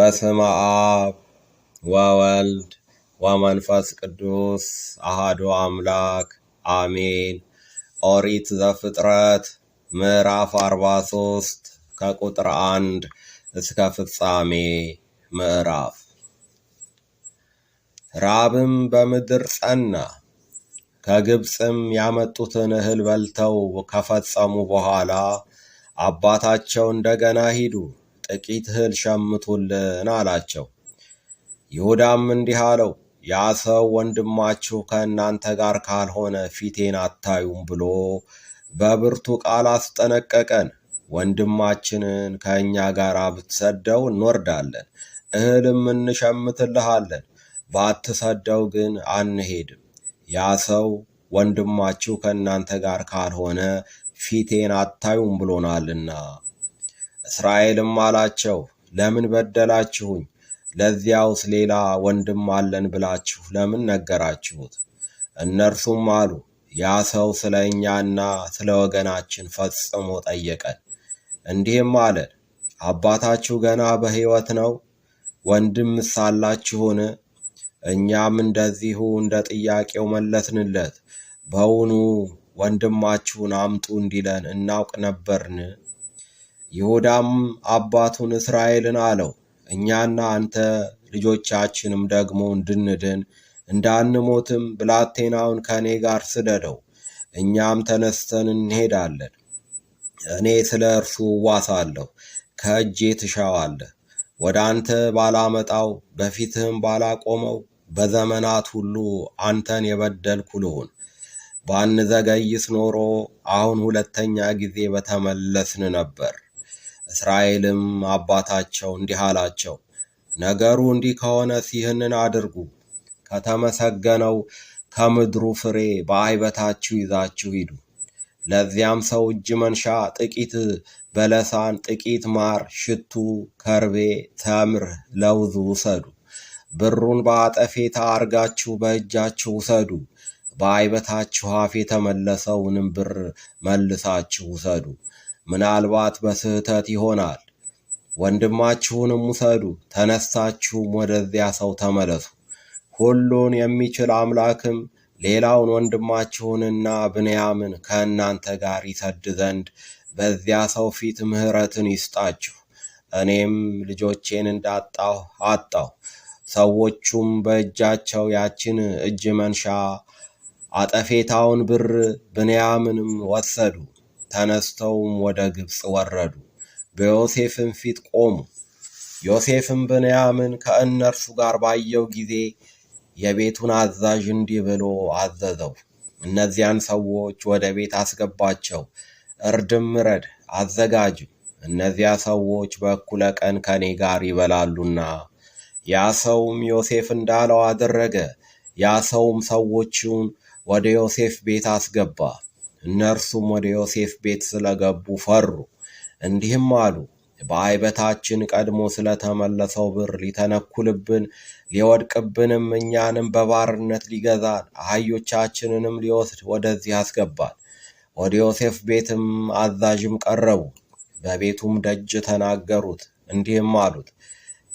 በስመ አብ ወወልድ ወመንፈስ ቅዱስ አሃዶ አምላክ አሜን። ኦሪት ዘፍጥረት ምዕራፍ 43 ከቁጥር አንድ እስከ ፍጻሜ ምዕራፍ። ራብም በምድር ጸና። ከግብፅም ያመጡትን እህል በልተው ከፈጸሙ በኋላ አባታቸው እንደገና ሂዱ ጥቂት እህል ሸምቱልን አላቸው። ይሁዳም እንዲህ አለው፣ ያ ሰው ወንድማችሁ ከእናንተ ጋር ካልሆነ ፊቴን አታዩም ብሎ በብርቱ ቃል አስጠነቀቀን። ወንድማችንን ከእኛ ጋር ብትሰደው እንወርዳለን፣ እህልም እንሸምትልሃለን። ባትሰደው ግን አንሄድም። ያ ሰው ወንድማችሁ ከእናንተ ጋር ካልሆነ ፊቴን አታዩም ብሎናልና እስራኤልም አላቸው ለምን በደላችሁኝ? ለዚያውስ ሌላ ወንድም አለን ብላችሁ ለምን ነገራችሁት? እነርሱም አሉ ያ ሰው ስለ እኛና ስለ ወገናችን ፈጽሞ ጠየቀን። እንዲህም አለን አባታችሁ ገና በሕይወት ነው? ወንድም አላችሁን? እኛም እንደዚሁ እንደ ጥያቄው መለስንለት። በውኑ ወንድማችሁን አምጡ እንዲለን እናውቅ ነበርን? ይሁዳም አባቱን እስራኤልን አለው፣ እኛና አንተ ልጆቻችንም ደግሞ እንድንድን እንዳንሞትም ብላቴናውን ከእኔ ጋር ስደደው፣ እኛም ተነስተን እንሄዳለን። እኔ ስለ እርሱ እዋሳለሁ፣ ከእጄ ትሻዋለህ። ወደ አንተ ባላመጣው በፊትህም ባላቆመው በዘመናት ሁሉ አንተን የበደልኩ ልሁን። ባንዘገይስ ኖሮ አሁን ሁለተኛ ጊዜ በተመለስን ነበር። እስራኤልም አባታቸው እንዲህ አላቸው፣ ነገሩ እንዲህ ከሆነስ ይህንን አድርጉ፣ ከተመሰገነው ከምድሩ ፍሬ በአይበታችሁ ይዛችሁ ሂዱ። ለዚያም ሰው እጅ መንሻ ጥቂት በለሳን፣ ጥቂት ማር፣ ሽቱ፣ ከርቤ፣ ተምር፣ ለውዝ ውሰዱ። ብሩን በአጠፌታ አርጋችሁ በእጃችሁ ውሰዱ። በአይበታችሁ አፍ የተመለሰውንም ብር መልሳችሁ ውሰዱ። ምናልባት በስህተት ይሆናል። ወንድማችሁንም ውሰዱ፣ ተነሳችሁም ወደዚያ ሰው ተመለሱ። ሁሉን የሚችል አምላክም ሌላውን ወንድማችሁንና ብንያምን ከእናንተ ጋር ይሰድ ዘንድ በዚያ ሰው ፊት ምሕረትን ይስጣችሁ። እኔም ልጆቼን እንዳጣሁ አጣሁ። ሰዎቹም በእጃቸው ያችን እጅ መንሻ አጠፌታውን ብር ብንያምንም ወሰዱ። ተነስተውም ወደ ግብፅ ወረዱ፣ በዮሴፍም ፊት ቆሙ። ዮሴፍም ብንያምን ከእነርሱ ጋር ባየው ጊዜ የቤቱን አዛዥ እንዲህ ብሎ አዘዘው፣ እነዚያን ሰዎች ወደ ቤት አስገባቸው፣ እርድም ምረድ አዘጋጅም። እነዚያ ሰዎች በእኩለ ቀን ከኔ ጋር ይበላሉና። ያ ሰውም ዮሴፍ እንዳለው አደረገ። ያ ሰውም ሰዎቹን ወደ ዮሴፍ ቤት አስገባ። እነርሱም ወደ ዮሴፍ ቤት ስለገቡ ፈሩ፣ እንዲህም አሉ፣ በአይበታችን ቀድሞ ስለተመለሰው ብር ሊተነኩልብን ሊወድቅብንም እኛንም በባርነት ሊገዛን አህዮቻችንንም ሊወስድ ወደዚህ አስገባን። ወደ ዮሴፍ ቤትም አዛዥም ቀረቡ፣ በቤቱም ደጅ ተናገሩት፣ እንዲህም አሉት፣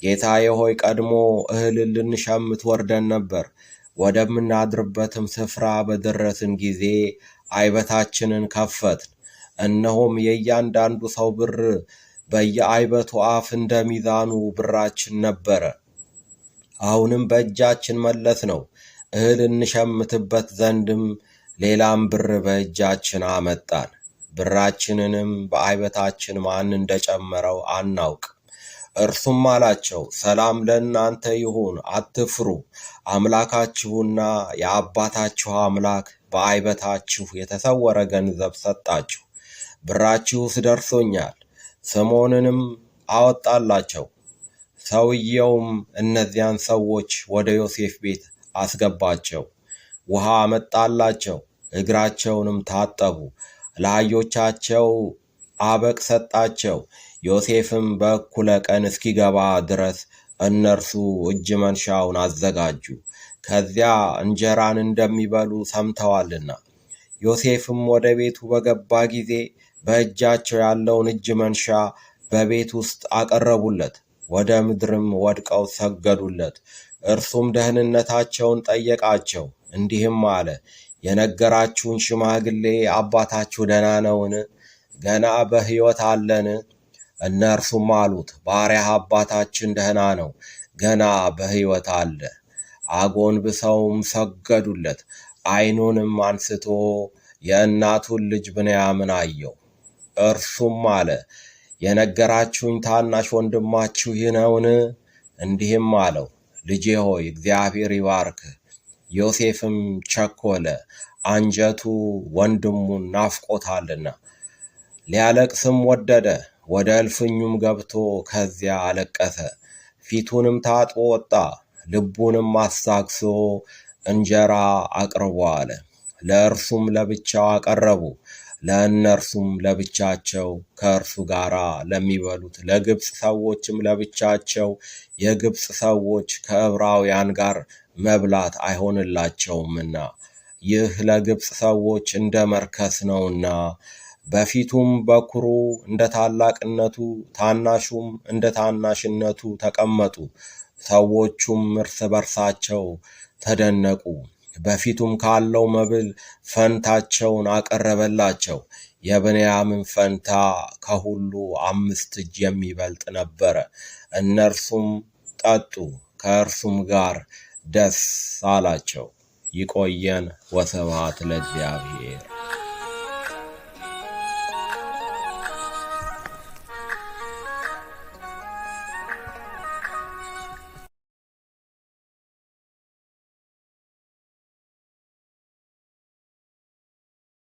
ጌታዬ ሆይ ቀድሞ እህልን ልንሸምት ወርደን ነበር። ወደምናድርበትም ስፍራ በደረስን ጊዜ አይበታችንን ከፈትን። እነሆም የእያንዳንዱ ሰው ብር በየአይበቱ አፍ እንደ ሚዛኑ ብራችን ነበረ። አሁንም በእጃችን መለስ ነው። እህል እንሸምትበት ዘንድም ሌላም ብር በእጃችን አመጣን። ብራችንንም በአይበታችን ማን እንደጨመረው አናውቅ። እርሱም አላቸው፣ ሰላም ለእናንተ ይሁን፣ አትፍሩ። አምላካችሁና የአባታችሁ አምላክ በአይበታችሁ የተሰወረ ገንዘብ ሰጣችሁ፣ ብራችሁስ ደርሶኛል። ስምዖንንም አወጣላቸው። ሰውየውም እነዚያን ሰዎች ወደ ዮሴፍ ቤት አስገባቸው። ውሃ አመጣላቸው፣ እግራቸውንም ታጠቡ። ለአህዮቻቸው አበቅ ሰጣቸው። ዮሴፍም በእኩለ ቀን እስኪገባ ድረስ እነርሱ እጅ መንሻውን አዘጋጁ። ከዚያ እንጀራን እንደሚበሉ ሰምተዋልና። ዮሴፍም ወደ ቤቱ በገባ ጊዜ በእጃቸው ያለውን እጅ መንሻ በቤት ውስጥ አቀረቡለት፣ ወደ ምድርም ወድቀው ሰገዱለት። እርሱም ደህንነታቸውን ጠየቃቸው፣ እንዲህም አለ የነገራችሁን ሽማግሌ አባታችሁ ደህና ነውን? ገና በሕይወት አለን? እነርሱም አሉት ባሪያህ አባታችን ደህና ነው፣ ገና በሕይወት አለ። አጎንብሰውም ሰገዱለት። ዓይኑንም አንስቶ የእናቱን ልጅ ብንያምን አየው። እርሱም አለ የነገራችሁኝ ታናሽ ወንድማችሁ ይህ ነውን? እንዲህም አለው ልጄ ሆይ እግዚአብሔር ይባርክ ዮሴፍም ቸኮለ፣ አንጀቱ ወንድሙን ናፍቆታልና ሊያለቅስም ወደደ። ወደ እልፍኙም ገብቶ ከዚያ አለቀሰ። ፊቱንም ታጥቦ ወጣ፣ ልቡንም አሳክሶ እንጀራ አቅርቦ አለ። ለእርሱም ለብቻው አቀረቡ። ለእነርሱም ለብቻቸው ከእርሱ ጋር ለሚበሉት ለግብፅ ሰዎችም ለብቻቸው። የግብፅ ሰዎች ከዕብራውያን ጋር መብላት አይሆንላቸውምና ይህ ለግብፅ ሰዎች እንደ መርከስ ነውና። በፊቱም በኩሩ እንደ ታላቅነቱ፣ ታናሹም እንደ ታናሽነቱ ተቀመጡ። ሰዎቹም እርስ በርሳቸው ተደነቁ። በፊቱም ካለው መብል ፈንታቸውን አቀረበላቸው። የብንያምን ፈንታ ከሁሉ አምስት እጅ የሚበልጥ ነበረ። እነርሱም ጠጡ፣ ከእርሱም ጋር ደስ አላቸው። ይቆየን። ወስብሐት ለእግዚአብሔር።